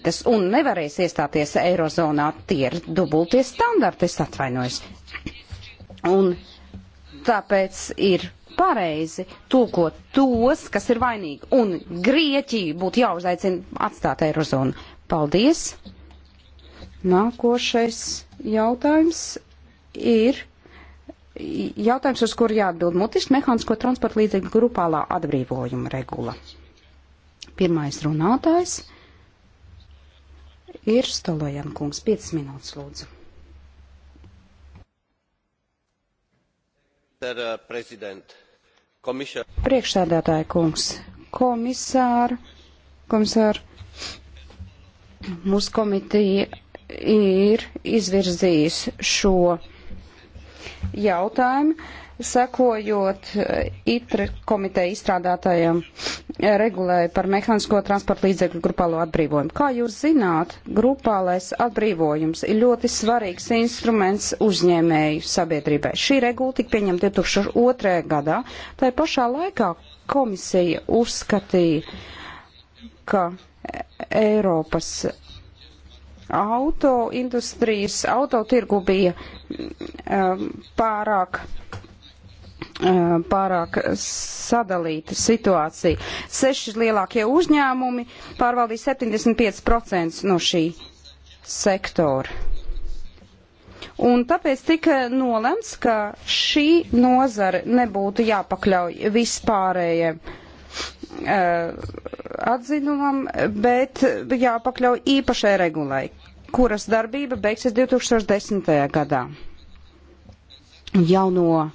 muitas un nevarēs iestāties Eirozonā, tie ir dubultie standarti, es atvainojos. Un tāpēc ir pareizi tūkot tos, kas ir vainīgi, un Grieķiju būtu jāuzaicina atstāt Eirozonu. Paldies! Nākošais jautājums ir jautājums, uz kuru jāatbild mutiski mehānisko transporta līdzekļu grupālā atbrīvojuma regula. Pirmais runātājs ir Stolojan kungs. 5 minūtes lūdzu. Uh, Priekšsēdētāja kungs, komisāra, komisāra, mūsu komiteja ir izvirzījis šo jautājumu sekojot e, ITRE komiteja izstrādātajam e, regulēju par mehānisko transporta līdzekļu grupālo atbrīvojumu. Kā jūs zināt, grupālais atbrīvojums ir ļoti svarīgs instruments uzņēmēju sabiedrībai. Šī regula tika pieņemta 2002. gadā. Tā pašā laikā komisija uzskatīja, ka Eiropas auto industrijas, auto tirgu bija um, pārāk pārāk sadalīta situācija. Seši lielākie uzņēmumi pārvaldīja 75% no šī sektora. Un tāpēc tika nolemts, ka šī nozare nebūtu jāpakļauj vispārējiem atzinumam, bet jāpakļauj īpašai regulai, kuras darbība beigsies 2010. gadā. Jauno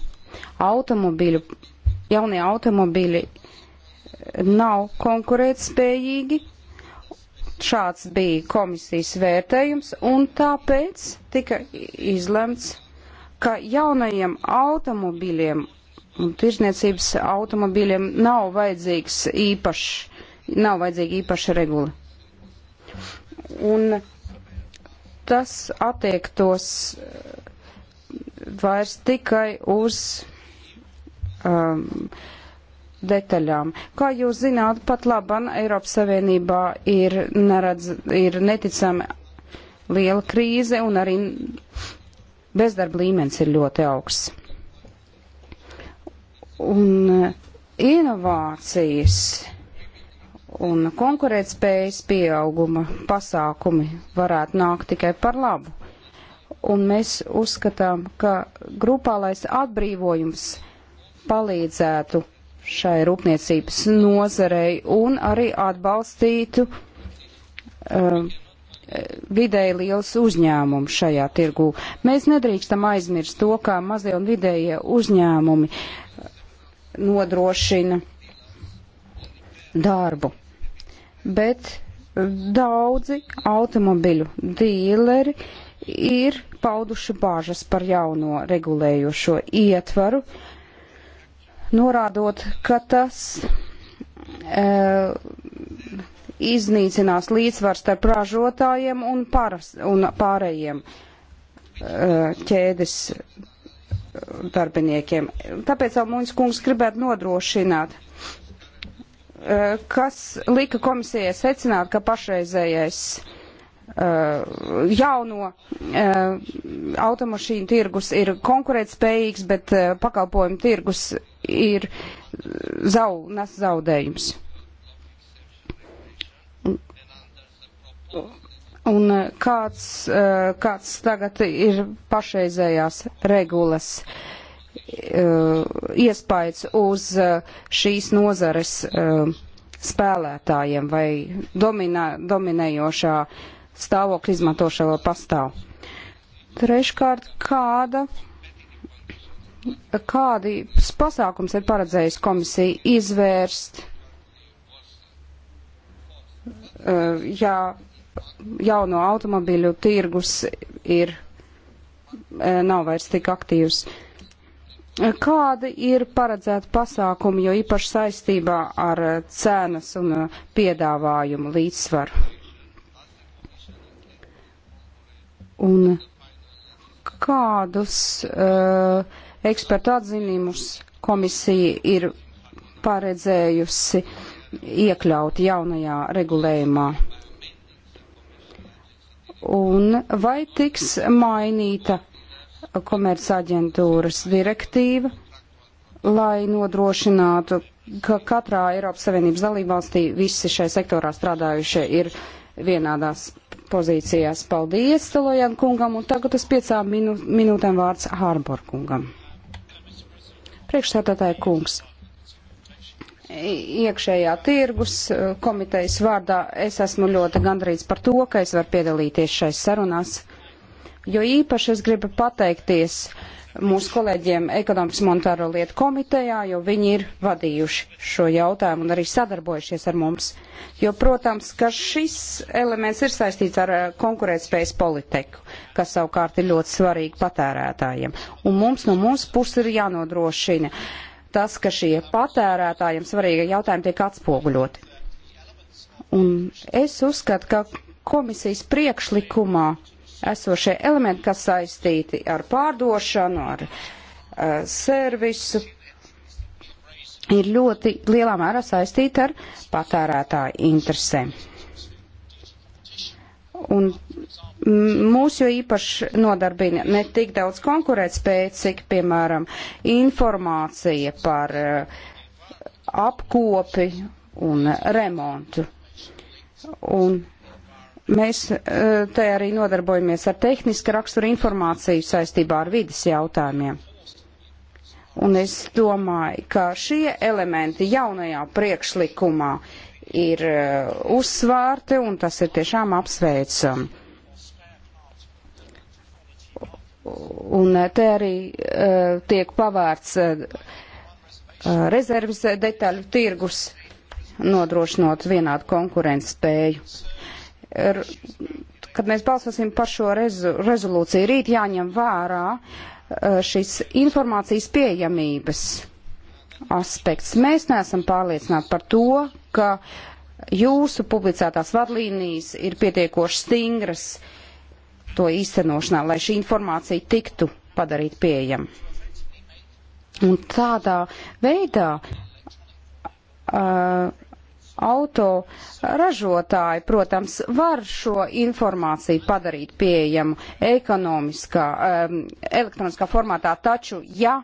automobīļu, jaunie automobīļi nav konkurētspējīgi. Šāds bija komisijas vērtējums, un tāpēc tika izlemts, ka jaunajiem automobīļiem un tirzniecības automobīļiem nav vajadzīgs īpašs, nav vajadzīga īpaša regula. Un tas attiektos vairs tikai uz um, detaļām. Kā jūs zināt, pat laban Eiropas Savienībā ir, neredz, ir neticami liela krīze un arī bezdarba līmenis ir ļoti augsts. Un uh, inovācijas un konkurētspējas pieauguma pasākumi varētu nākt tikai par labu. Un mēs uzskatām, ka grupālais atbrīvojums palīdzētu šai rūpniecības nozarei un arī atbalstītu uh, vidēji liels uzņēmums šajā tirgū. Mēs nedrīkstam aizmirst to, kā mazie un vidējie uzņēmumi nodrošina darbu. Bet daudzi automobiļu dīleri ir pauduši bāžas par jauno regulējošo ietvaru, uh, norādot, ka tas e, iznīcinās līdzsvars starp ražotājiem un, paras, un pārējiem e, ķēdes darbiniekiem. Tāpēc Almuņas kungs gribētu nodrošināt, e, kas lika komisijai secināt, ka pašreizējais e, jauno e, automašīnu tirgus ir konkurētspējīgs, bet e, pakalpojumu tirgus ir zau, nes zaudējums. Un kāds, kāds tagad ir pašreizējās regulas eh, iespējas uz eh, šīs nozares eh, spēlētājiem vai dominā, dominējošā stāvokļa izmantošā pastāv? Treškārt, kāda kādi pasākums ir paredzējusi komisija izvērst, eh, ja jauno automobīļu tirgus ir, eh, nav vairs tik aktīvs. Kādi ir paredzēti pasākumi, jo īpaši saistībā ar eh, cenas un piedāvājumu līdzsvaru? Un kādus uh, ekspertu atzinumus komisija ir paredzējusi iekļaut jaunajā regulējumā. Un vai tiks mainīta komercāģentūras direktīva, lai nodrošinātu, ka katrā Eiropas Savienības dalībvalstī visi šai sektorā strādājušie ir vienādās pozīcijās. Paldies Stalojan kungam, un tagad uz piecām minū minūtēm vārds Hārbor kungam. Priekšsēdētāja kungs, iekšējā tirgus eh, komitejas vārdā es esmu ļoti gandrīz par to, ka es varu piedalīties šais sarunās, jo īpaši es gribu pateikties uh, mūsu kolēģiem ekonomikas monetāro lietu komitejā, jo viņi ir vadījuši šo jautājumu un arī sadarbojušies ar mums. Jo, protams, ka šis elements ir saistīts ar eh, konkurētspējas politiku, kas savukārt ir ļoti svarīgi patērētājiem. Un mums no mūsu puses ir jānodrošina tas, ka šie patērētājiem svarīgie jautājumi tiek atspoguļoti. Un es uzskatu, ka komisijas priekšlikumā esošie elementi, kas saistīti ar pārdošanu, ar uh, servisu, ir ļoti lielā mērā saistīti ar patērētāju interesēm. Un mūs jau īpaši nodarbina ne tik daudz konkurētspēja, cik, piemēram, informācija par uh, apkopi un remontu. Un Mēs eh, te arī nodarbojamies ar tehniska rakstura informāciju saistībā ar vidas jautājumiem. Un es domāju, ka šie elementi jaunajā priekšlikumā ir eh, uzsvārti un tas ir tiešām apsveicami. Un eh, te arī uh, tiek pavērts uh, rezerves detaļu tirgus, nodrošinot vienādu konkurences spēju. Er, kad mēs balsosim par šo rezu, rezolūciju, rīt jāņem vērā eh, šis informācijas pieejamības aspekts. Mēs neesam pārliecināti par to, ka jūsu publicētās vadlīnijas ir pietiekoši stingras to īstenošanā, lai šī informācija tiktu padarīt pieejama. Un tādā veidā uh, auto ražotāji, protams, var šo informāciju padarīt pieejamu ekonomiskā, um, elektroniskā formātā, taču, ja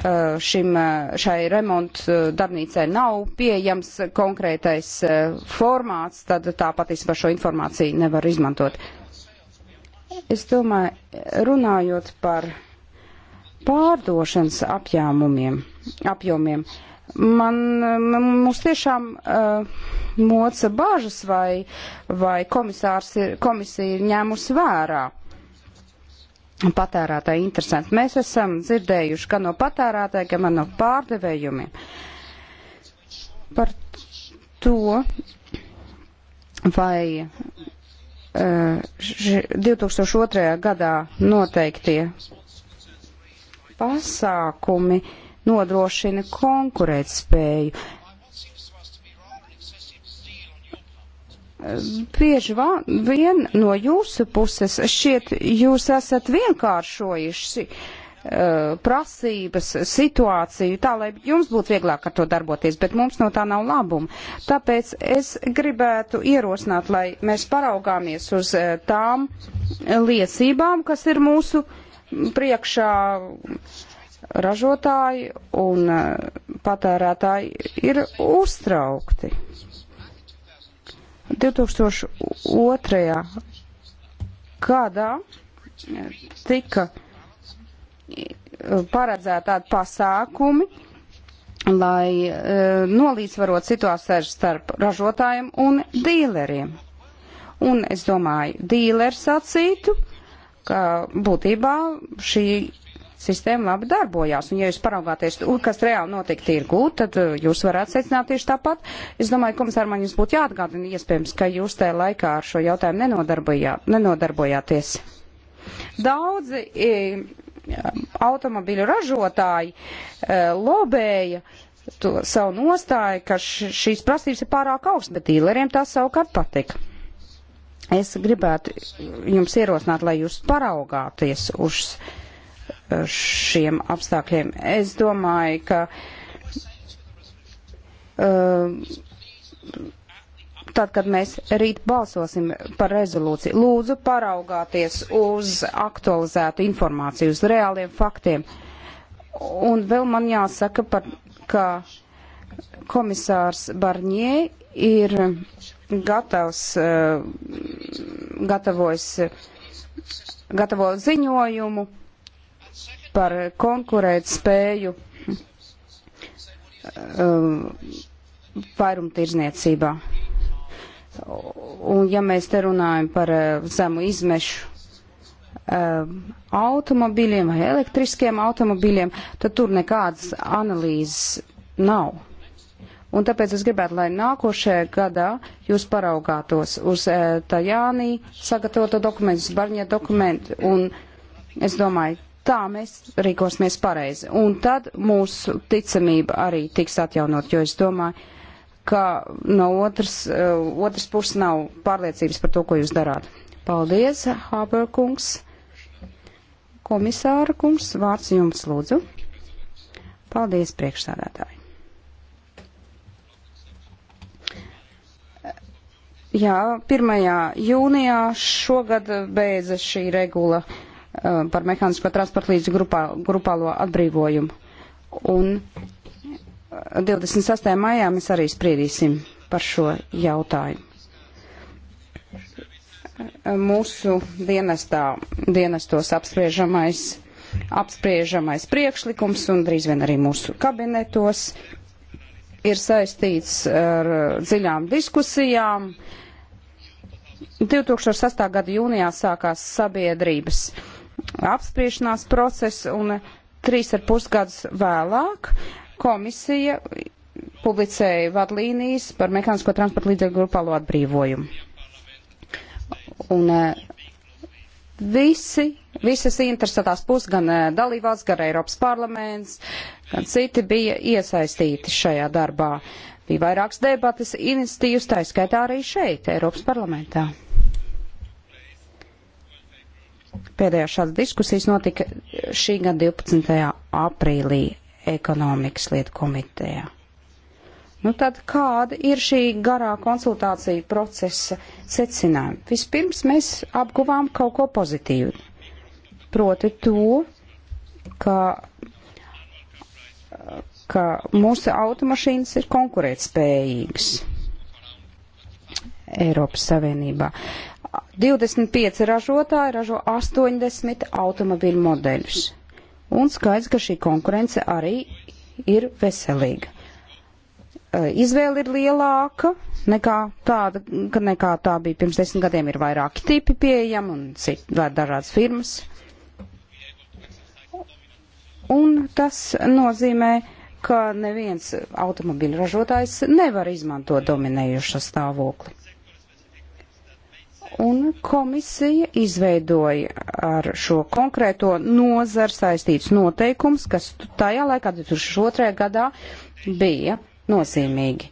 eh, šim, eh, šai remontu eh, darbnīcai nav pieejams konkrētais formāts, tad tā patiesībā šo informāciju nevar izmantot. Es domāju, runājot par pārdošanas apjāmumiem, apjomiem. apjomiem Man, man mums tiešām uh, moca bāžas, vai, vai komisārs ir, komisija ir ņēmusi vērā patērētāji interesanti. Mēs esam dzirdējuši gan no patērētāja, gan no pārdevējumiem par to, vai uh, eh, 2002. gadā noteiktie pasākumi uh, nodrošina konkurētspēju. Bieži vien no jūsu puses šķiet jūs esat vienkāršojuši uh, prasības, situāciju, tā lai jums būtu vieglāk ar to darboties, bet mums no tā nav labuma. Tāpēc es gribētu ierosināt, lai mēs paraugāmies uz eh, tām liecībām, kas ir mūsu priekšā ražotāji un eh, patērētāji ir uztraukti. 2002. gadā tika eh, paredzēti tādi pasākumi, lai e, nolīdzvarot situāciju starp ražotājiem un dīleriem. Un es domāju, dīlers sacītu, ka būtībā šī sistēma labi darbojās. Un ja jūs paraugāties, kas reāli notika tirgū, tad uh, jūs varētu secināt tieši tāpat. Es domāju, komisār, man jums būtu jāatgādina iespējams, ka jūs tajā laikā ar šo jautājumu nenodarbojā, nenodarbojāties. Daudzi e, automobiļu ražotāji e, lobēja to savu nostāju, ka šīs prasības ir pārāk augstas, bet dīleriem tas savukārt patika. Es gribētu jums ierosināt, lai jūs paraugāties uz šiem apstākļiem. Es domāju, ka um, tad, kad mēs rīt balsosim par rezolūciju, lūdzu paraugāties uz aktualizētu informāciju, uz reāliem faktiem. Un vēl man jāsaka, par, ka komisārs Barņē ir gatavs, uh, gatavojis, gatavo ziņojumu par konkurēt spēju um, vairumtirdzniecībā. Un ja mēs te runājam par uh, zemu izmešu um, automobiļiem vai elektriskiem automobiļiem, tad tur nekādas analīzes nav. Un tāpēc es gribētu, lai nākošajā gadā jūs paraugātos uz uh, Tajānī sagatavoto dokumentu, uz Barņē dokumentu, un es domāju, tā mēs rīkosimies pareizi. Un tad mūsu ticamība arī tiks atjaunot, jo es domāju, ka no otras, uh, otras puses nav pārliecības par to, ko jūs darāt. Paldies, Haber kungs. Komisāra kungs, vārds jums lūdzu. Paldies, priekšsādātāji. Jā, 1. jūnijā šogad beidzas šī regula uh, Uh, par mehānisko transporta līdzu grupā, grupālo atbrīvojumu. Un 26. Uh, maijā mēs arī spriedīsim par šo jautājumu. Uh, mūsu dienestā, dienestos apspriežamais, apspriežamais priekšlikums un drīz vien arī mūsu kabinetos ir saistīts ar dziļām diskusijām. 2008. gada jūnijā sākās sabiedrības apspriešanās process, un trīs ar pusgadus vēlāk komisija publicēja vadlīnijas par mehānisko transporta līdzekļu grupālo atbrīvojumu. Un e, visi, visas interesētās puses, gan e, dalībvalsts, gan Eiropas parlaments, gan citi bija iesaistīti šajā darbā. Bija vairākas debatas, iniciatīvas, tā skaitā arī šeit, Eiropas parlamentā. Pēdējā šādas diskusijas notika šī gada 12. aprīlī ekonomikas lietu komitejā. Nu tad kāda ir šī garā konsultācija procesa secinājuma? Vispirms mēs apguvām kaut ko pozitīvu. Proti to, ka, ka mūsu automašīnas ir konkurētspējīgas Eiropas Savienībā. Uh, 25 ražotāji ražo 80 automobīļu modeļus. Un skaidrs, ka šī konkurence arī ir veselīga. Eh, izvēle ir lielāka nekā tāda, kad nekā tā bija pirms desmit gadiem. Ir vairāki tipi pieejami un citi dažādas firmas. Un tas nozīmē, ka neviens automobiļu ražotājs nevar izmantot dominējušo stāvokli. Un komisija izveidoja ar šo konkrēto nozaru saistīts noteikums, kas tajā laikā, 2002. gadā, bija nozīmīgi.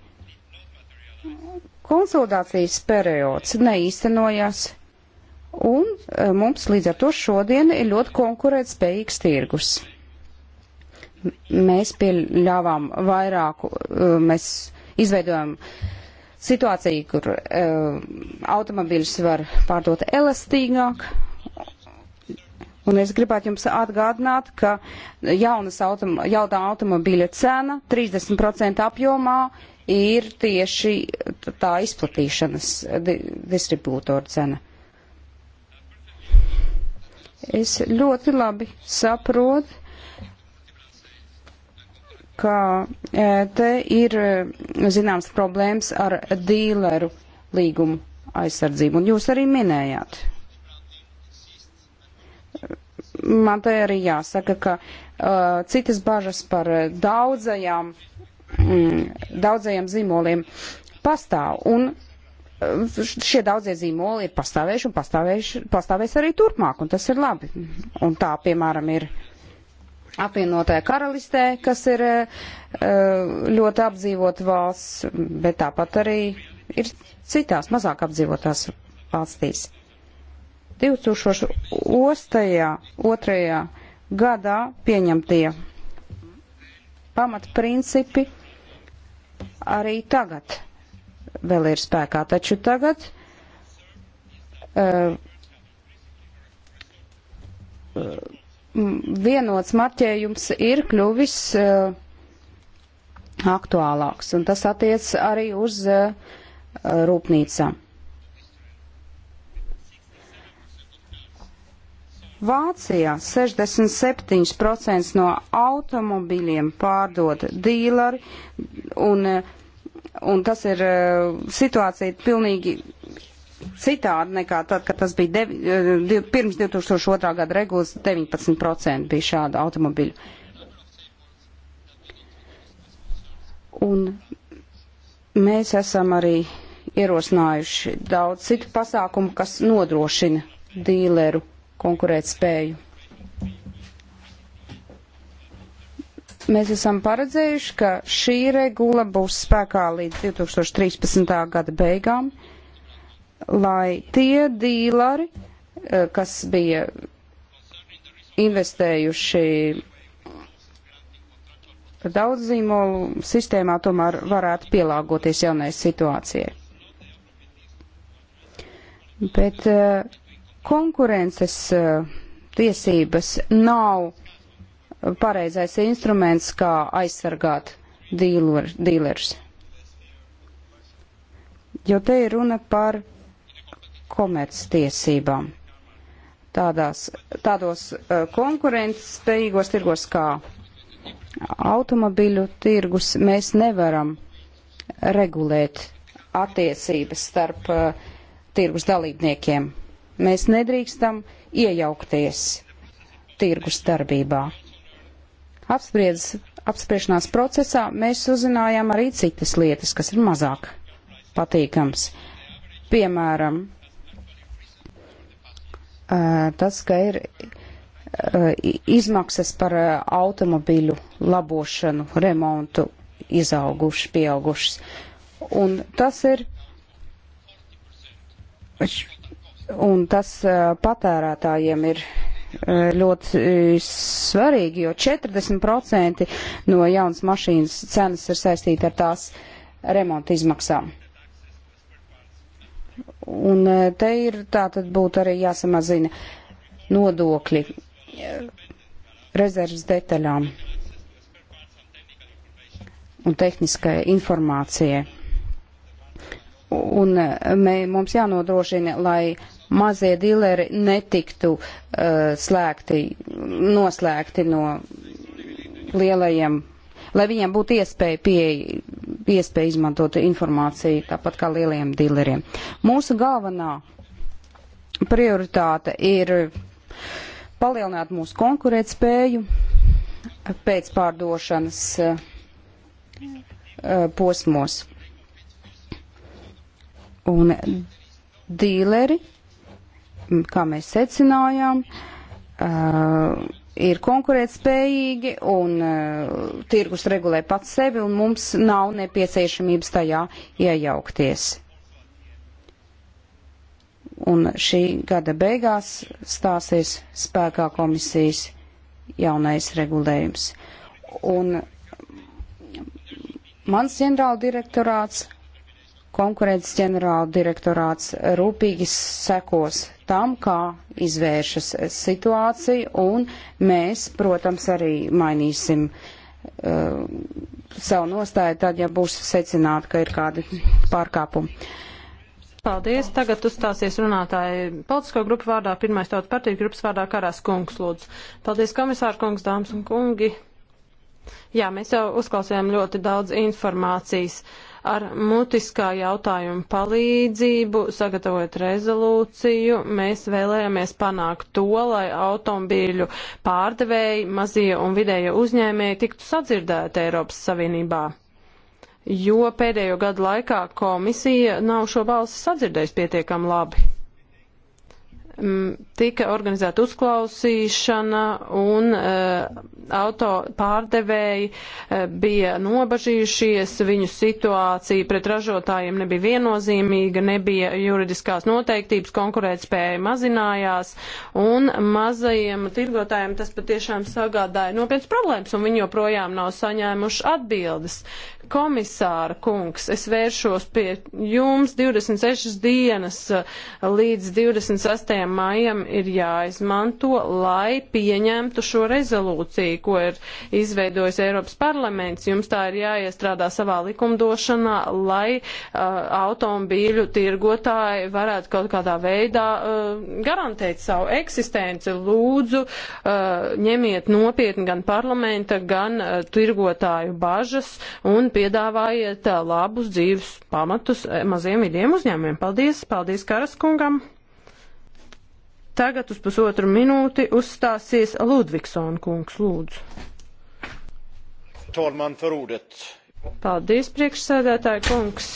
Konsultācijas periods neīstenojās, un e, mums līdz ar to šodien ir ļoti konkurētspējīgs tirgus. M mēs pieļāvām vairāku, e, mēs izveidojam uh, situācija, kur uh, automobiļus var pārdot elastīgāk. Un es gribētu jums atgādināt, ka jaunas autom, jaunā automobīļa cena 30% apjomā ir tieši tā izplatīšanas di distribūtora cena. Es ļoti labi saprotu, ka e, te ir e, zināms problēmas ar dīleru līgumu aizsardzību, un jūs arī minējāt. Man te arī jāsaka, ka uh, citas bažas par daudzajām, mm, daudzajiem zīmoliem pastāv, un šie daudzie zīmoli ir pastāvējuši un pastāvēs arī turpmāk, un tas ir labi. Un tā, piemēram, ir apvienotajā karalistē, kas ir eh, eh, ļoti apdzīvot valsts, bet tāpat arī ir citās mazāk apdzīvotās valstīs. 2002. gadā pieņemtie pamatprincipi arī tagad vēl ir spēkā, taču tagad uh, uh vienots marķējums ir kļuvis uh, aktuālāks, un tas attiec arī uz uh, rūpnīcām. Vācijā 67% no automobiļiem pārdod dīlari, un, e, un tas ir uh, situācija pilnīgi citādi nekā tad, kad tas bija devi, eh, div, pirms 2002. gada regulas 19% bija šāda automobiļu. Un mēs esam arī ierosinājuši daudz citu pasākumu, kas nodrošina dīleru konkurēt spēju. Mēs esam paredzējuši, ka šī regula būs spēkā līdz 2013. gada beigām lai tie dīlari, eh, kas bija investējuši daudz zīmolu sistēmā, tomēr varētu pielāgoties jaunai situācijai. Bet eh, konkurences eh, tiesības nav pareizais instruments, kā aizsargāt dīlerus. Jo te ir runa par komerctiesībām. Tādās, tādos eh, konkurences spējīgos tirgos kā automobiļu tirgus mēs nevaram regulēt attiecības starp uh, tirgus dalībniekiem. Mēs nedrīkstam iejaukties tirgus darbībā. Apspriedz, apspriešanās procesā mēs uzzinājām arī citas lietas, kas ir mazāk patīkams. Piemēram, tas, ka ir izmaksas par automobīļu labošanu, remontu izaugušas, pieaugušas. Un tas ir. Un tas patērētājiem ir ļoti svarīgi, jo 40% no jaunas mašīnas cenas ir saistīta ar tās remonta izmaksām. Un e, te ir tā tad būtu arī jāsamazina nodokļi e, rezerves detaļām un tehniskai informācijai. Un e, mē, mums jānodrošina, lai mazie dileri netiktu uh, slēgti, noslēgti no lielajiem lai viņiem būtu iespēja, pie, iespēja izmantot informāciju tāpat kā lieliem dileriem. Mūsu galvenā prioritāte ir palielināt mūsu konkurētspēju pēc pārdošanas eh, posmos. Un dīleri, kā mēs secinājām, uh, ir konkurētspējīgi un uh, tirgus regulē pats sevi un mums nav nepieciešamības tajā iejaukties. Un šī gada beigās stāsies spēkā komisijas jaunais regulējums. Un mans ģenerāldirektorāts konkurences ģenerāla direktorāts rūpīgi sekos tam, kā izvēršas situācija, un mēs, protams, arī mainīsim uh, savu nostāju tad, ja būs secināti, ka ir kādi pārkāpumi. Paldies. Tagad uzstāsies runātāji politisko grupu vārdā, pirmais tautas partiju grupas vārdā Karās kungs, lūdzu. Paldies, komisāra kungs, dāmas un kungi. Jā, mēs jau uzklausījām ļoti daudz informācijas. Uh, ar mutiskā jautājuma palīdzību, sagatavojot rezolūciju, mēs vēlējāmies panākt to, lai automobīļu pārdevēji, mazie un vidējie uzņēmēji tiktu sadzirdēti Eiropas Savienībā. Jo pēdējo gadu laikā komisija nav šo balsi sadzirdējusi pietiekam labi. Mm, tika organizēta uzklausīšana un uh, auto pārdevēji uh, bija nobažījušies, viņu situācija pret ražotājiem nebija viennozīmīga, nebija juridiskās noteiktības, konkurētspēja mazinājās un mazajiem tirgotājiem tas patiešām sagādāja nopietnas problēmas un viņi joprojām nav saņēmuši atbildes komisāra kungs, es vēršos pie jums 26 dienas eh, līdz 26. maijam ir jāizmanto, lai pieņemtu šo rezolūciju, ko ir izveidojis Eiropas parlaments. Jums tā ir jāiestrādā savā likumdošanā, lai uh, automobīļu tirgotāji varētu kaut kādā veidā uh, garantēt savu eksistenci. Lūdzu, uh, ņemiet nopietni gan parlamenta, gan uh, tirgotāju bažas un piedāvājiet labus dzīves pamatus maziem vidiem uzņēmumiem. Paldies, paldies Karaskungam. Tagad uz pusotru minūti uzstāsies Ludvigsona kungs, lūdzu. Talman par ūdet. Paldies, priekšsēdētāji kungs.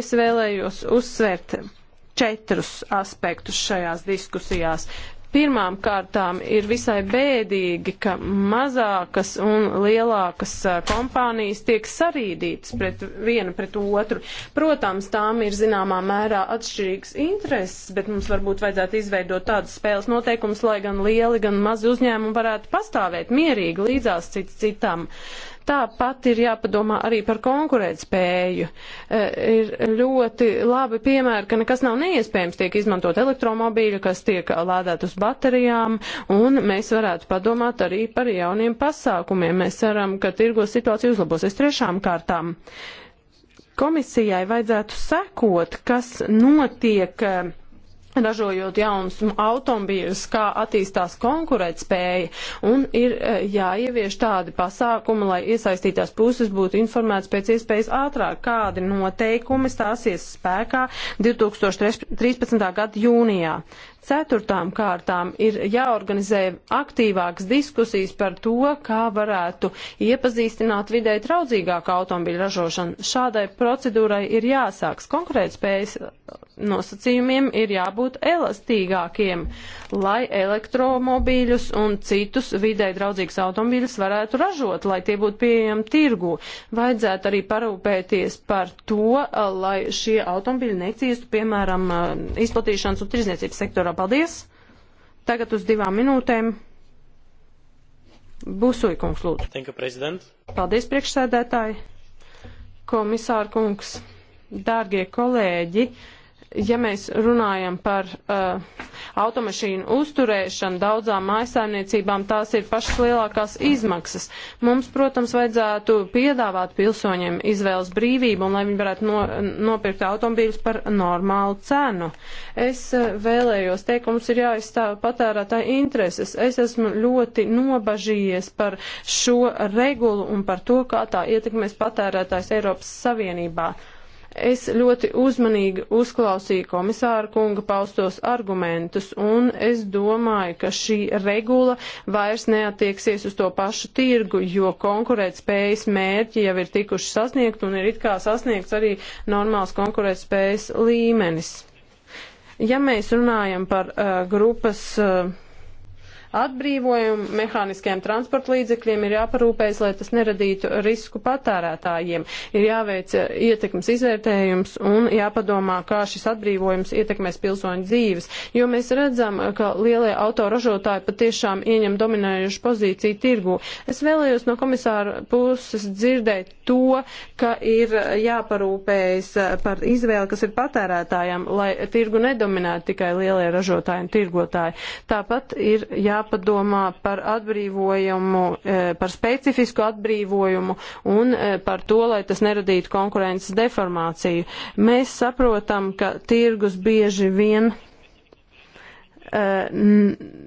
Es vēlējos uzsvērt četrus aspektus šajās diskusijās. Pirmām kārtām ir visai bēdīgi, ka mazākas un lielākas kompānijas tiek sarīdītas pret viena pret otru. Protams, tām ir zināmā mērā atšķirīgs intereses, bet mums varbūt vajadzētu izveidot tādas spēles noteikumus, lai gan lieli, gan mazi uzņēmumi varētu pastāvēt mierīgi līdzās cits citam. Uh, Tāpat ir jāpadomā arī par konkurētspēju. E, ir ļoti labi piemēri, ka nekas nav neiespējams, tiek izmantot elektromobīļi, kas tiek lādēt uz baterijām, un mēs varētu padomāt arī par jauniem pasākumiem. Mēs ceram, ka tirgos situācija uzlabosies trešām kārtām. Komisijai vajadzētu sekot, kas notiek e, ražojot jaunus automobīļus, kā attīstās konkurētspēja, un ir e, jāievieš tādi pasākumi, lai iesaistītās puses būtu informētas pēc iespējas ātrāk, kādi noteikumi stāsies spēkā 2013. gada jūnijā. Ceturtām kārtām ir jāorganizē aktīvākas diskusijas par to, kā varētu iepazīstināt vidē traudzīgāku automobiļu ražošanu. Šādai procedūrai ir jāsāks konkurētspējas nosacījumiem ir jābūt elastīgākiem, lai elektromobīļus un citus vidē draudzīgus automobīļus varētu ražot, lai tie būtu pieejami tirgu. Vajadzētu arī parūpēties par to, lai šie automobīļi neciestu, piemēram, izplatīšanas un tirzniecības sektorā Paldies! Tagad uz divām minūtēm Busoja kungs lūdzu. Thank you, president. Paldies, priekšsēdētāji, komisāra kungs, dārgie kolēģi. Uh, ja mēs runājam par uh, automašīnu uzturēšanu, daudzām mājsaimniecībām tās ir pašas lielākās izmaksas. Mums, protams, vajadzētu piedāvāt pilsoņiem izvēles brīvību un lai viņi varētu no, nopirkt automobīļus par normālu cenu. Es uh, vēlējos teikt, ka mums ir jāizstāv patērētāji intereses. Es esmu ļoti nobažījies par šo regulu un par to, kā tā ietekmēs patērētājs Eiropas Savienībā. Uh, Es ļoti uzmanīgi uzklausīju komisāra kunga paustos argumentus, un es domāju, ka šī regula vairs neatieksies uz to pašu tirgu, jo konkurētspējas mērķi jau ir tikuši sasniegt, un ir it kā sasniegts arī normāls konkurētspējas līmenis. Ja mēs runājam par uh, grupas. Uh, Atbrīvojumu mehāniskajiem transporta līdzekļiem ir jāparūpējas, lai tas neradītu risku patērētājiem. Ir jāveic eh, ietekmes izvērtējums un jāpadomā, kā šis atbrīvojums ietekmēs pilsoņu dzīves, jo mēs redzam, eh, ka lielie autoražotāji patiešām ieņem dominējušu pozīciju tirgu. Es vēlējos no komisāra puses dzirdēt to, ka ir jāparūpējas eh, par izvēli, kas ir patērētājiem, lai tirgu nedominētu tikai lielie ražotāji un tirgotāji. Tāpat ir jāparūpējas jāpadomā par atbrīvojumu, e, par specifisku atbrīvojumu un e, par to, lai tas neradītu konkurences deformāciju. Mēs saprotam, ka tirgus bieži vien Eh,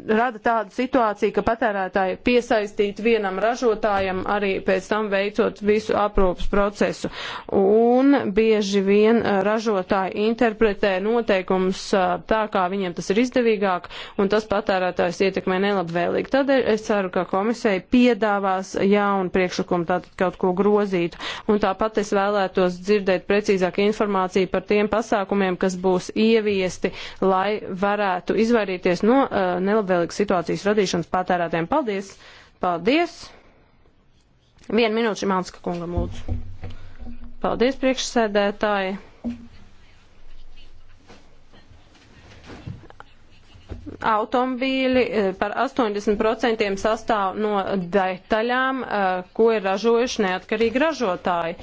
rada tādu situāciju, ka patērētāji piesaistīti vienam ražotājam arī pēc tam veicot visu aprūpas procesu. Un bieži vien eh, ražotāji interpretē noteikumus eh, tā, kā viņiem tas ir izdevīgāk, un tas patērētājs ietekmē nelabvēlīgi. Tādēļ es ceru, ka komisija piedāvās jaunu priekšlikumu tātad kaut ko grozīt. Un tāpat es vēlētos dzirdēt precīzāk informāciju par tiem pasākumiem, kas būs ieviesti, lai varētu izvairīties izvairīties no uh, nelabvēlīgas situācijas radīšanas patērētēm. Paldies! Paldies! Vienu minūti Šimanska kungam lūdzu. Paldies, priekšsēdētāji! automobīļi eh, par 80% sastāv no detaļām, eh, ko ir ražojuši neatkarīgi ražotāji.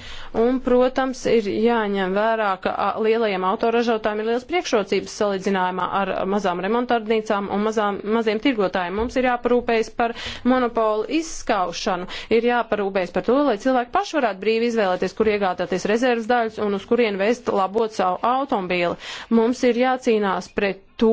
Un, protams, ir jāņem vērā, ka lielajiem autoražotājiem ir liels priekšrocības salīdzinājumā ar mazām remontardnīcām un mazām, maziem tirgotājiem. Mums ir jāparūpējas par monopolu izskaušanu, ir jāparūpējas par to, lai cilvēki paši varētu brīvi izvēlēties, kur iegādāties rezerves daļas un uz kurien vest labot savu automobīli. Mums ir jācīnās pret to,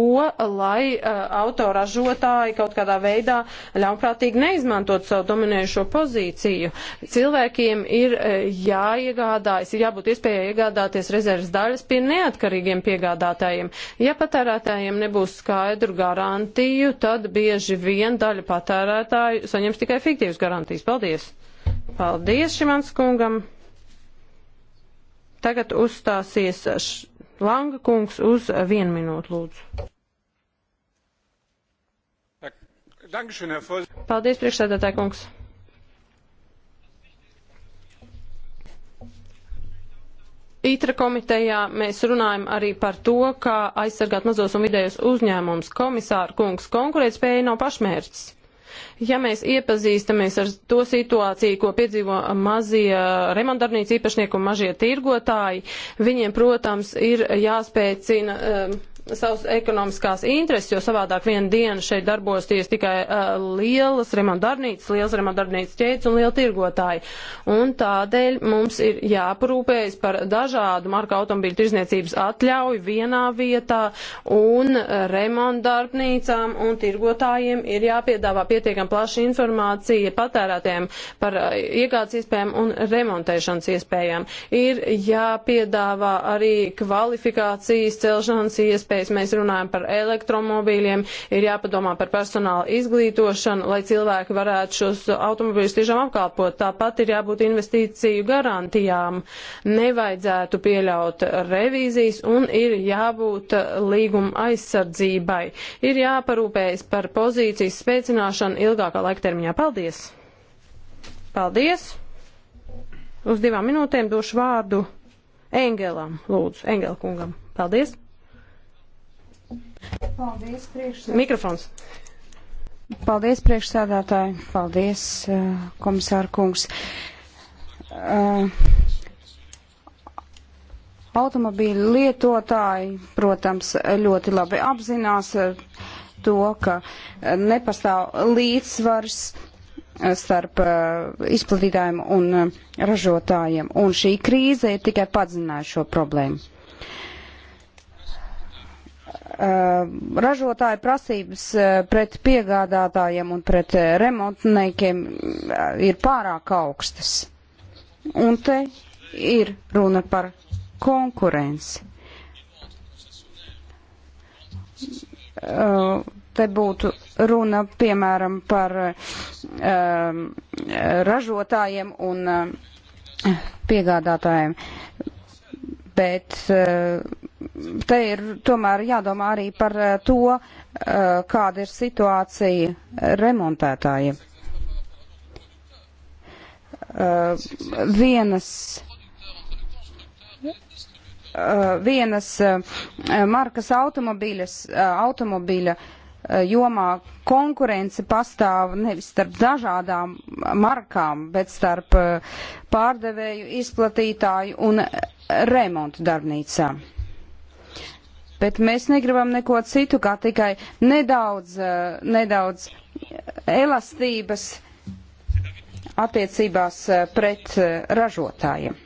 lai uh, autoražotāji kaut kādā veidā ļaunprātīgi neizmantot savu dominējušo pozīciju. Cilvēkiem ir uh, jāiegādājas, ir jābūt iespējai iegādāties rezerves daļas pie neatkarīgiem piegādātājiem. Ja patērētājiem nebūs skaidru garantiju, tad bieži vien daļa patērētāju saņems tikai fiktīvas garantijas. Paldies! Paldies Šimans kungam! Tagad uzstāsies. Š Langa kungs uz vienu minūtu lūdzu. Paldies, priekšsēdētāji kungs. ITRA komitejā mēs runājam arī par to, kā aizsargāt mazos un vidējos uzņēmumus. Komisāra kungs, konkurētspēja nav pašmērķis. Ja mēs iepazīstamies ar to situāciju, ko piedzīvo mazie remontdarbnīca īpašnieki un mažie tirgotāji, viņiem, protams, ir jāspēcina. Uh, savus ekonomiskās intereses, jo savādāk vienu dienu šeit darbosies tikai uh, lielas remontdarbnīcas, liels remontdarbnīcas ķēdes un liela tirgotāji. Un tādēļ mums ir jāparūpējas par dažādu marka automobīļu tirzniecības atļauju vienā vietā un remontdarbnīcām un tirgotājiem ir jāpiedāvā pietiekam plaša informācija patērētiem par uh, iegādes iespējām un remontēšanas iespējām. Ir jāpiedāvā arī kvalifikācijas celšanas iespējas iespējas. Mēs runājam par elektromobīļiem, ir jāpadomā par personāla izglītošanu, lai cilvēki varētu šos automobīļus tiešām apkalpot. Tāpat ir jābūt investīciju garantijām. Nevajadzētu pieļaut revīzijas un ir jābūt līguma aizsardzībai. Ir jāparūpējas par pozīcijas spēcināšanu ilgākā laiktermiņā. Paldies! Paldies! Uz divām minūtēm došu vārdu Engelam, lūdzu, Engela kungam. Paldies! Paldies, priekšsēdētāji. Mikrofons. Paldies, priekšsēdētāji. Paldies, eh, komisāra kungs. Eh, automobīļu lietotāji, protams, ļoti labi apzinās eh, to, ka nepastāv līdzsvars starp izplatītājiem un ražotājiem, un šī krīze ir tikai padzinājušo problēmu. Uh, ražotāju prasības uh, pret piegādātājiem un pret uh, remontniekiem ir pārāk augstas. Un te ir runa par konkurenci. Te būtu runa, piemēram, par um, ražotājiem un um, piegādātājiem bet eh, te ir tomēr jādomā arī par eh, to, eh, kāda ir situācija remontētājiem. Vienas vienas markas automobīļas, automobīļa uh, Eh, jomā konkurence pastāv nevis starp dažādām markām, bet starp eh, pārdevēju, izplatītāju un remontu darbnīcām. Bet mēs negribam neko citu, kā tikai nedaudz, eh, nedaudz elastības attiecībās pret ražotājiem.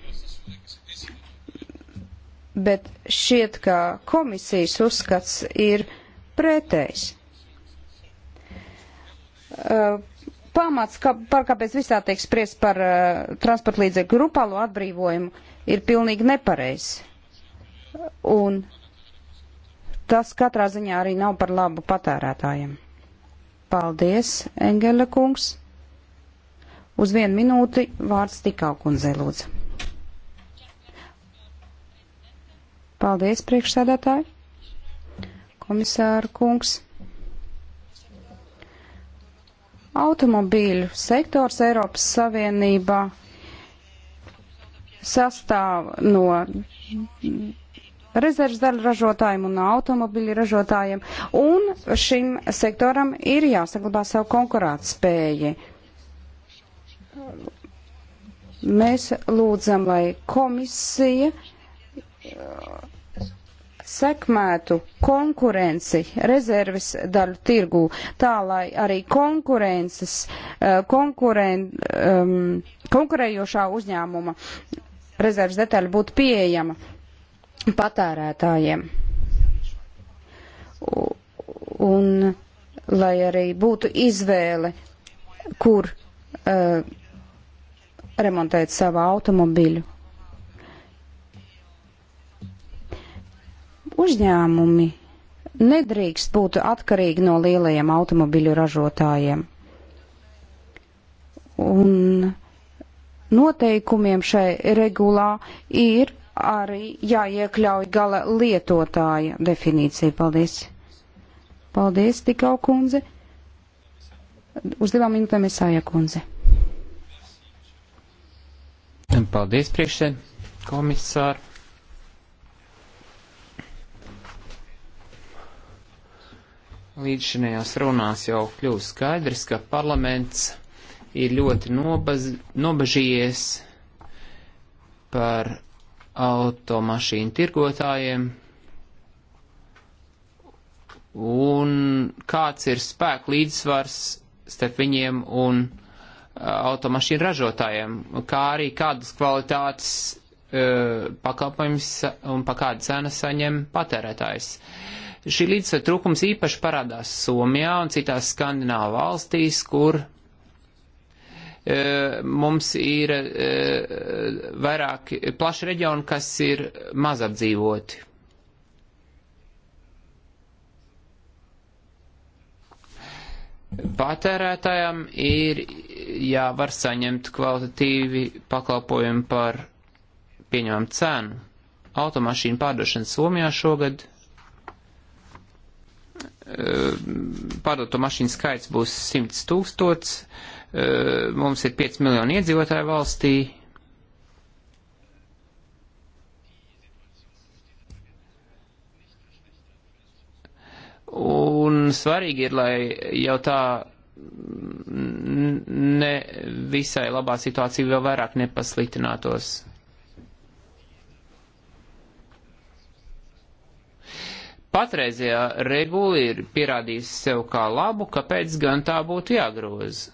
Bet šķiet, ka komisijas uzskats ir pretējs uh, pamats, ka, par kāpēc visā tiek spriest par uh, transporta līdzekļu grupālo atbrīvojumu, ir pilnīgi nepareizs. Un tas katrā ziņā arī nav par labu patērētājiem. Paldies, Engela kungs. Uz vienu minūti vārds tikā kundzei lūdzu. Paldies, priekšsēdētāji. Komisāra kungs. Automobīļu sektors Eiropas Savienībā sastāv no rezerves daļu ražotājiem un automobiļu ražotājiem, un šim sektoram ir jāsaglabā savu konkurētspēju. Mēs lūdzam, lai komisija sekmētu konkurenci rezerves daļu tirgū, tā lai arī konkurences, eh, konkuren, um, konkurējošā uzņēmuma rezerves detaļa būtu pieejama patērētājiem. Un, un lai arī būtu izvēle, kur uh, remontēt savu automobiļu Uzņēmumi nedrīkst būt atkarīgi no lielajiem automobiļu ražotājiem. Un noteikumiem šai regulā ir arī jāiekļauj gala lietotāja definīcija. Paldies! Paldies, tikau kundze! Uz divām minūtēm es sāja kundze. Paldies, priekšsēd, komisāri! līdz šajās runās jau kļūst skaidrs, ka parlaments ir ļoti nobaz, nobažījies par automašīnu tirgotājiem un kāds ir spēku līdzsvars starp viņiem un automašīnu ražotājiem, kā arī kādas kvalitātes uh, pakalpojums un pa kādu cenu saņem patērētājs. Uh, Šī līdzsver trūkums īpaši parādās Somijā un citās Skandināvu valstīs, kur e, mums ir e, vairāk plaši reģioni, kas ir mazapdzīvoti. Patērētājiem ir jāvar saņemt kvalitatīvi pakalpojumi par pieņemam cenu. Automašīnu pārdošana Somijā šogad Eh, pārdoto mašīnu skaits būs 100 tūkstots, eh, mums ir 5 miljoni iedzīvotāju valstī. Un svarīgi ir, lai jau tā ne visai labā situācija vēl vairāk nepasliktinātos. patreizajā regula ir pierādījusi sev kā labu, kāpēc gan tā būtu jāgroza?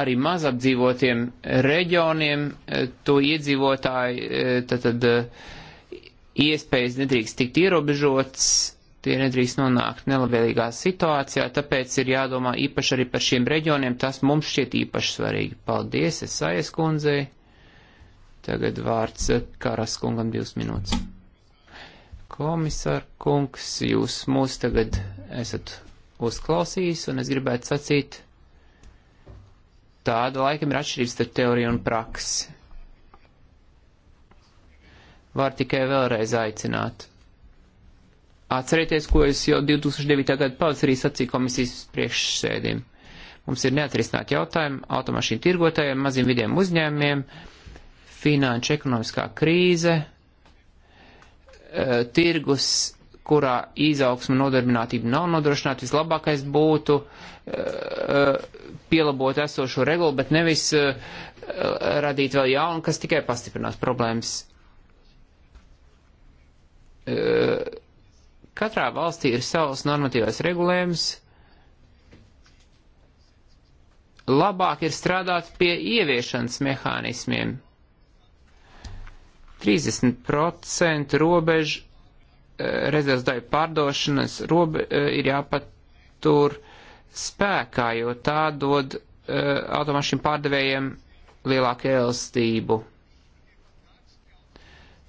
Arī mazapdzīvotiem reģioniem eh, to iedzīvotāji eh, tad, tad, eh, iespējas nedrīkst tikt ierobežotas tie nedrīkst nonākt nelabvēlīgā situācijā, tāpēc ir jādomā īpaši arī par šiem reģioniem, tas mums šķiet īpaši svarīgi. Paldies, es aies kundzei. Tagad vārds Karas kungam divas minūtes. Komisār kungs, jūs mūs tagad esat uzklausījis, un es gribētu sacīt, tāda laikam ir atšķirības starp teoriju un praksi. Var tikai vēlreiz aicināt Atcerieties, ko es jau 2009. gada pavasarī sacīju komisijas priekšsēdiem. Mums ir neatrisināt jautājumu automašīnu tirgotājiem, maziem vidiem uzņēmumiem, finanšu ekonomiskā krīze, eh, tirgus, kurā izaugsma nodarbinātība nav nodrošināta, vislabākais būtu eh, eh, pielabot esošo regulu, bet nevis radīt vēl jaunu, kas tikai pastiprinās problēmas Katrā valstī ir savs normatīvais regulējums. Labāk ir strādāt pie ieviešanas mehānismiem. 30% robežu eh, rezerves daļu pārdošanas robe, eh, ir jāpatur spēkā, jo tā dod eh, automašīnu pārdevējiem lielāku elastību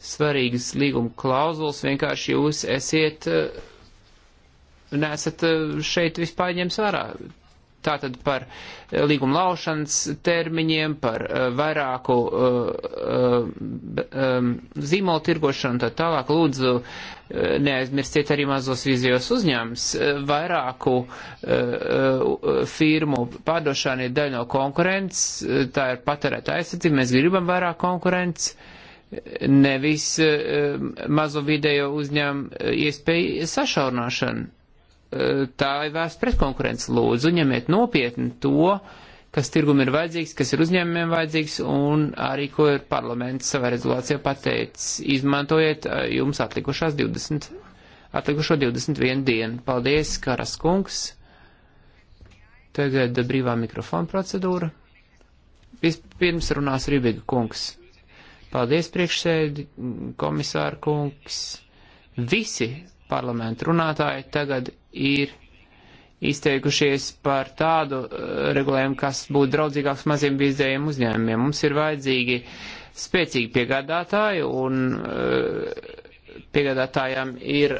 svarīgas līguma klauzulas, vienkārši jūs esiet, eh, nesat eh, šeit vispār ņems vērā. Tātad par eh, līguma laušanas termiņiem, par vairāku zīmolu tirgošanu un tā tālāk. Lūdzu, neaizmirstiet arī mazos vizijos uzņēmums. Vairāku firmu pārdošana ir daļa no konkurences, tā ir patērēta aizsardzība, mēs gribam vairāk konkurences nevis eh, mazo video uzņēmumu eh, iespēju sašaurināšanu. Eh, tā ir vērsts pretkonkurence. Lūdzu, ņemiet nopietni to, kas tirgum ir vajadzīgs, kas ir uzņēmumiem vajadzīgs, un arī, ko ir parlaments savā rezolācijā pateicis, izmantojiet jums atlikušās 20, atlikušo 21 dienu. Paldies, Karas kungs. Tagad brīvā mikrofona procedūra. Vispirms runās Rībīga kungs. Paldies priekšsēdi, komisāra kungs. Visi parlamentu runātāji tagad ir izteikušies par tādu eh, regulējumu, kas būtu draudzīgāks maziem bizdējiem uzņēmumiem. Mums ir vajadzīgi spēcīgi piegādātāji un eh, piegādātājām ir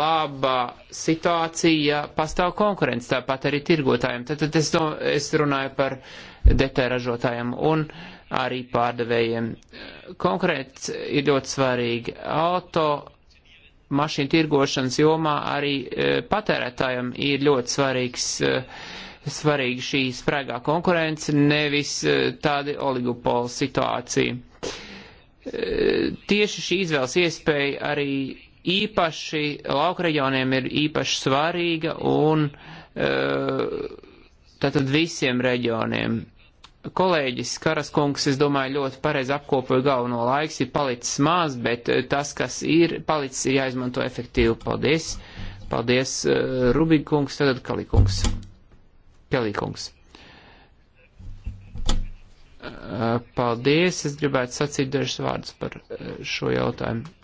laba situācija, ja pastāv konkurence, tāpat arī tirgotājiem. Tad, tad es, to, es runāju par detēražotājiem. Un, uh, arī pārdevējiem. Konkrēts ir ļoti svarīgi. Auto mašīnu tirgošanas jomā arī e, patērētājiem ir ļoti svarīgs, e, svarīgi šī sprēgā konkurence, nevis e, tāda oligopola situācija. E, tieši šī izvēles iespēja arī īpaši laukreģioniem ir īpaši svarīga un e, tātad visiem reģioniem kolēģis Karaskungs, es domāju, ļoti pareizi apkopoja galveno laiks, ir palicis maz, bet eh, tas, kas ir palicis, ir jāizmanto efektīvi. Paldies! Paldies, eh, Rubikungs, tad Kalikungs. Pelīkungs. Eh, paldies, es gribētu sacīt dažus vārdus par šo jautājumu.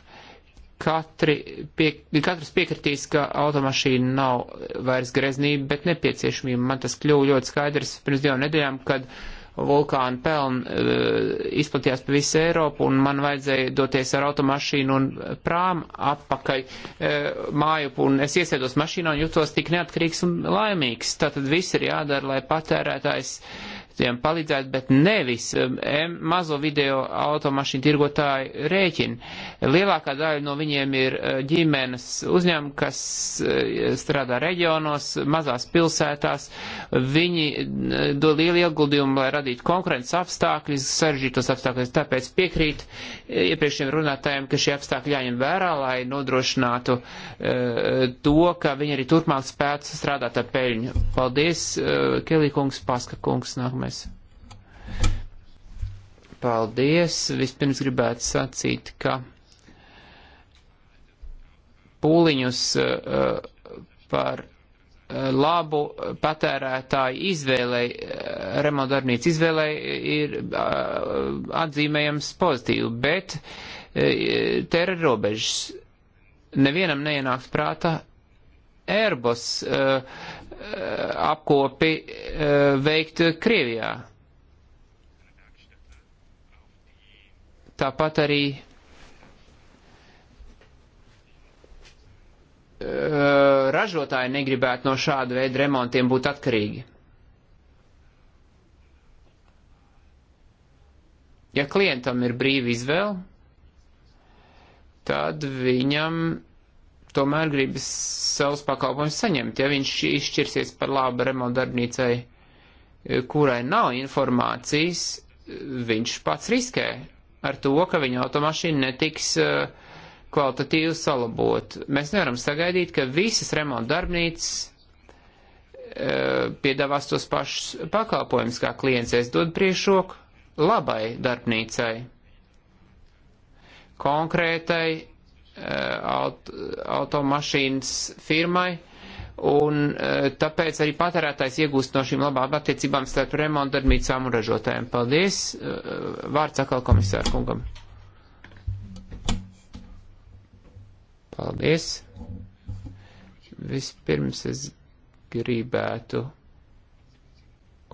Katri, pie, katrs piekritīs, ka automašīna nav vairs greznība, bet nepieciešamība. Man tas kļuva ļoti skaidrs pirms divām nedēļām, kad uh, vulkāna pelna eh, izplatījās pa visu Eiropu, un man vajadzēja doties ar automašīnu un prām apakaļ eh, mājup, un es iesēdos mašīnā un jutos tik neatkarīgs un laimīgs. Tātad viss ir jādara, lai patērētājs. Uh, tiem palīdzētu, bet nevis mazo video automašīnu tirgotāju rēķinu. Lielākā daļa no viņiem ir eh, ģimenes uzņēmumi, kas eh, strādā reģionos, mazās pilsētās. Viņi eh, dod lielu ieguldījumu, lai radītu konkurences apstākļus, sarežģītos apstākļus. Tāpēc piekrīt iepriekšējiem runātājiem, ka šie apstākļi jāņem vērā, lai nodrošinātu to, ka viņi arī turpmāk spētu strādāt ar peļņu. Paldies, Kelī kungs, Paska kungs, nākamais. Gomes. Paldies! Vispirms gribētu sacīt, ka pūliņus uh, par uh, labu patērētāju izvēlei, uh, remontdarbnīca izvēlei ir atzīmējams pozitīvi, bet te ir robežas. Nevienam neienāks prātā Airbus uh, Eh, apkopi eh, veikt Krievijā. Tāpat arī eh, ražotāji negribētu no šāda veida remontiem būt atkarīgi. Ja klientam ir brīva izvēle, tad viņam tomēr gribas savus pakalpojumus saņemt. Ja viņš izšķirsies par labu remontu darbnīcai, eh, kurai nav informācijas, viņš pats riskē ar to, ka viņa automašīna netiks eh, kvalitatīvi salabot. Mēs nevaram sagaidīt, ka visas remontu darbnīcas eh, piedāvās tos pašus pakalpojumus, kā klients es dod priekšroku labai darbnīcai, konkrētai Eh, aut automašīnas firmai, un eh, tāpēc arī patērētājs iegūst no šīm labām attiecībām starp remontdarbnīcām un ražotājiem. Paldies! Eh, vārds atkal komisāru kungam. Paldies! Vispirms es gribētu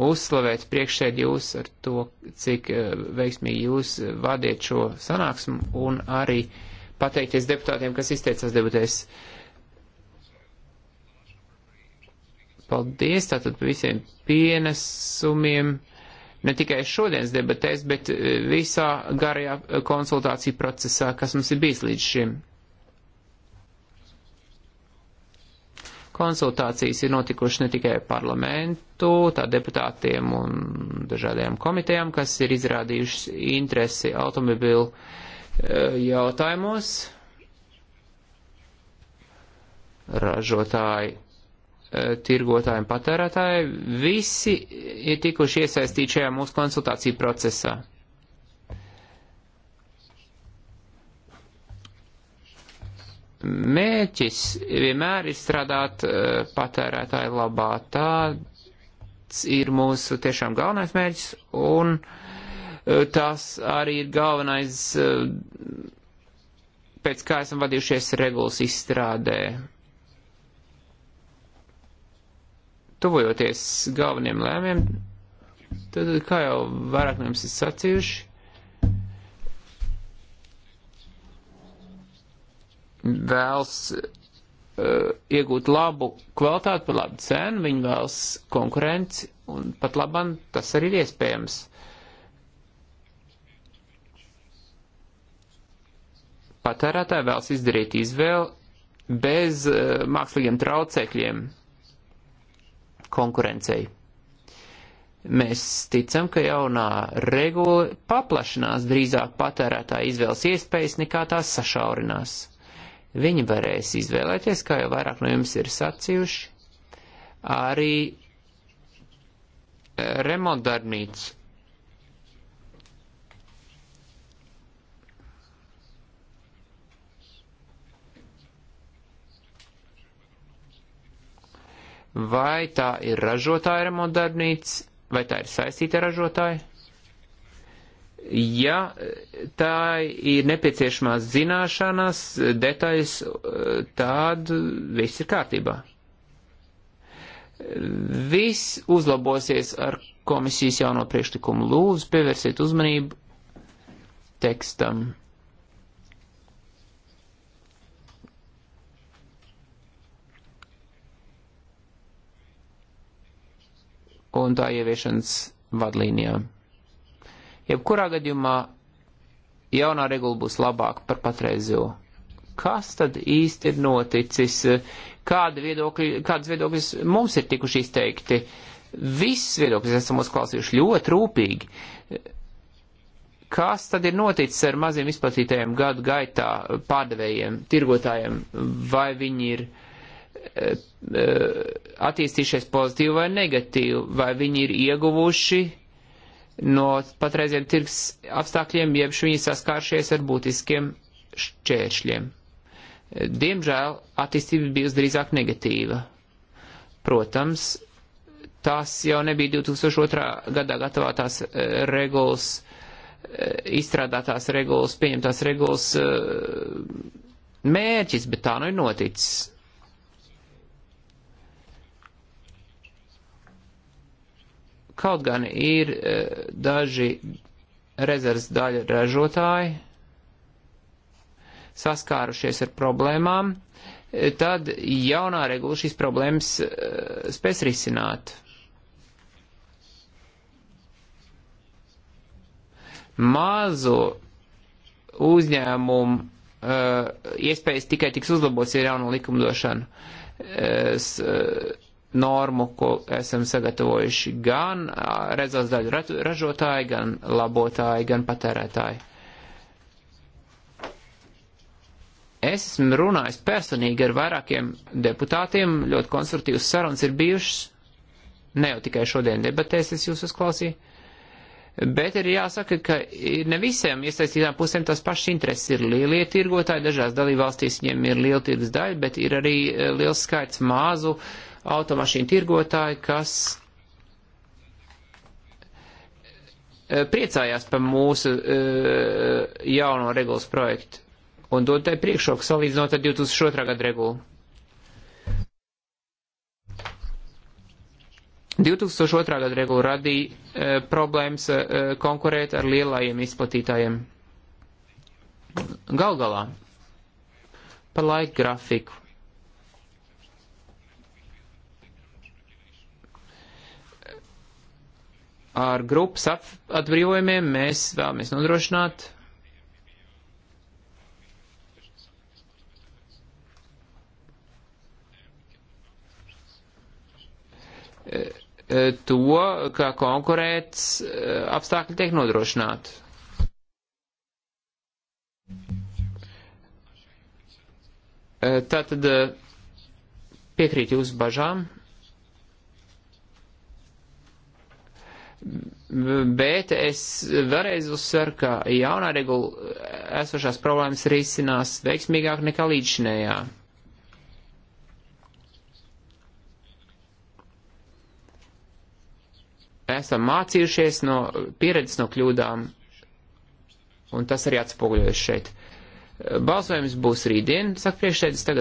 uzslavēt priekšēd jūs ar to, cik veiksmīgi jūs vadiet šo sanāksmu un arī uh, pateikties deputātiem, kas izteicās debatēs. Paldies tātad visiem pienesumiem, ne tikai šodienas debatēs, bet e, visā garajā konsultāciju procesā, kas mums ir bijis līdz šim. konsultācijas ir notikušas ne tikai parlamentu, tā deputātiem un dažādajām komitejām, kas ir izrādījušas interesi automobilu Eh, jautājumos. Ražotāji, eh, tirgotāji un patērētāji visi ir tikuši iesaistīti šajā mūsu konsultāciju procesā. Mērķis vienmēr ir strādāt eh, patērētāju labā. Tāds ir mūsu tiešām galvenais mērķis un uh, Eh, tas arī ir galvenais, eh, pēc kā esam vadījušies regulas izstrādē. Tuvojoties galveniem lēmiem, tad, kā jau vairāk no jums ir sacījuši, vēlas uh, eh, iegūt labu kvalitāti par labu cenu, viņi vēlas konkurenci, un pat labam tas arī ir iespējams. patērētāji vēlas izdarīt izvēli bez uh, mākslīgiem traucekļiem konkurencei. Mēs ticam, ka jaunā regula paplašinās drīzāk patērētāju izvēles iespējas nekā tās sašaurinās. Viņi varēs izvēlēties, kā jau vairāk no jums ir sacījuši, arī eh, remontdarbnīcu vai tā ir ražotāja remontdarbnīca, vai tā ir saistīta ražotāja. Ja tā ir nepieciešamās zināšanas, detaļas, tad viss ir kārtībā. Viss uzlabosies ar komisijas jauno priekšlikumu. Lūdzu, pievērsiet uzmanību tekstam. un tā ieviešanas vadlīnijām. Jebkurā gadījumā jaunā regula būs labāka par patreizējo. Kas tad īsti ir noticis? Kāda viedokļa, kādas viedokļas mums ir tikuši izteikti? Viss viedokļus esam uzklausījuši ļoti rūpīgi. Kas tad ir noticis ar maziem izplatītajiem gadu gaitā pārdevējiem, tirgotājiem? Vai viņi ir uh, Eh, attīstījušies pozitīvi vai negatīvi, vai viņi ir ieguvuši no patreiziem tirgs apstākļiem, jeb viņi saskāršies ar būtiskiem šķēršļiem. Eh, diemžēl attīstība bijusi drīzāk negatīva. Protams, tās jau nebija 2002. gadā gatavotās eh, regulas, izstrādātās regulas, pieņemtās regulas mērķis, bet tā nu ir noticis Kaut gan ir e, daži rezerves daļa ražotāji saskārušies ar problēmām, e, tad jaunā regula šīs problēmas e, spēs risināt. Mazo uzņēmumu iespējas tikai tiks uzlabots ar jaunu likumdošanu. Es, uh, normu, ko esam sagatavojuši gan redzels daļu ražotāji, gan labotāji, gan patērētāji. Es esmu runājis personīgi ar vairākiem deputātiem, ļoti konstruktīvas sarunas ir bijušas, ne jau tikai šodien debatēs es jūs uzklausīju, bet ir jāsaka, ka ne visiem iesaistītām pusēm tās pašas intereses ir lielie tirgotāji, dažās dalībvalstīs viņiem ir liela tirgus daļa, bet ir arī liels skaits mazu uh, automašīnu tirgotāji, kas e, priecājās par mūsu e, jauno regulas projektu un dod tai priekšroku salīdzinot ar 2002. gadu regulu. 2002. gada regula radīja e, problēmas e, konkurēt ar lielajiem izplatītājiem. Gal galā par laika grafiku. ar grupas atbrīvojumiem mēs vēlamies nodrošināt. E, e, to, ka konkurēts e, apstākļi tiek nodrošināti. Tātad piekrīt jūsu bažām. bet es vēlreiz uzsveru, ka jaunā regula esošās problēmas risinās veiksmīgāk nekā līdzinējā. Esam mācījušies no pieredzes no kļūdām, un tas arī atspoguļojas šeit. Balsojums būs rītdien, saka priekšsēdis tagad.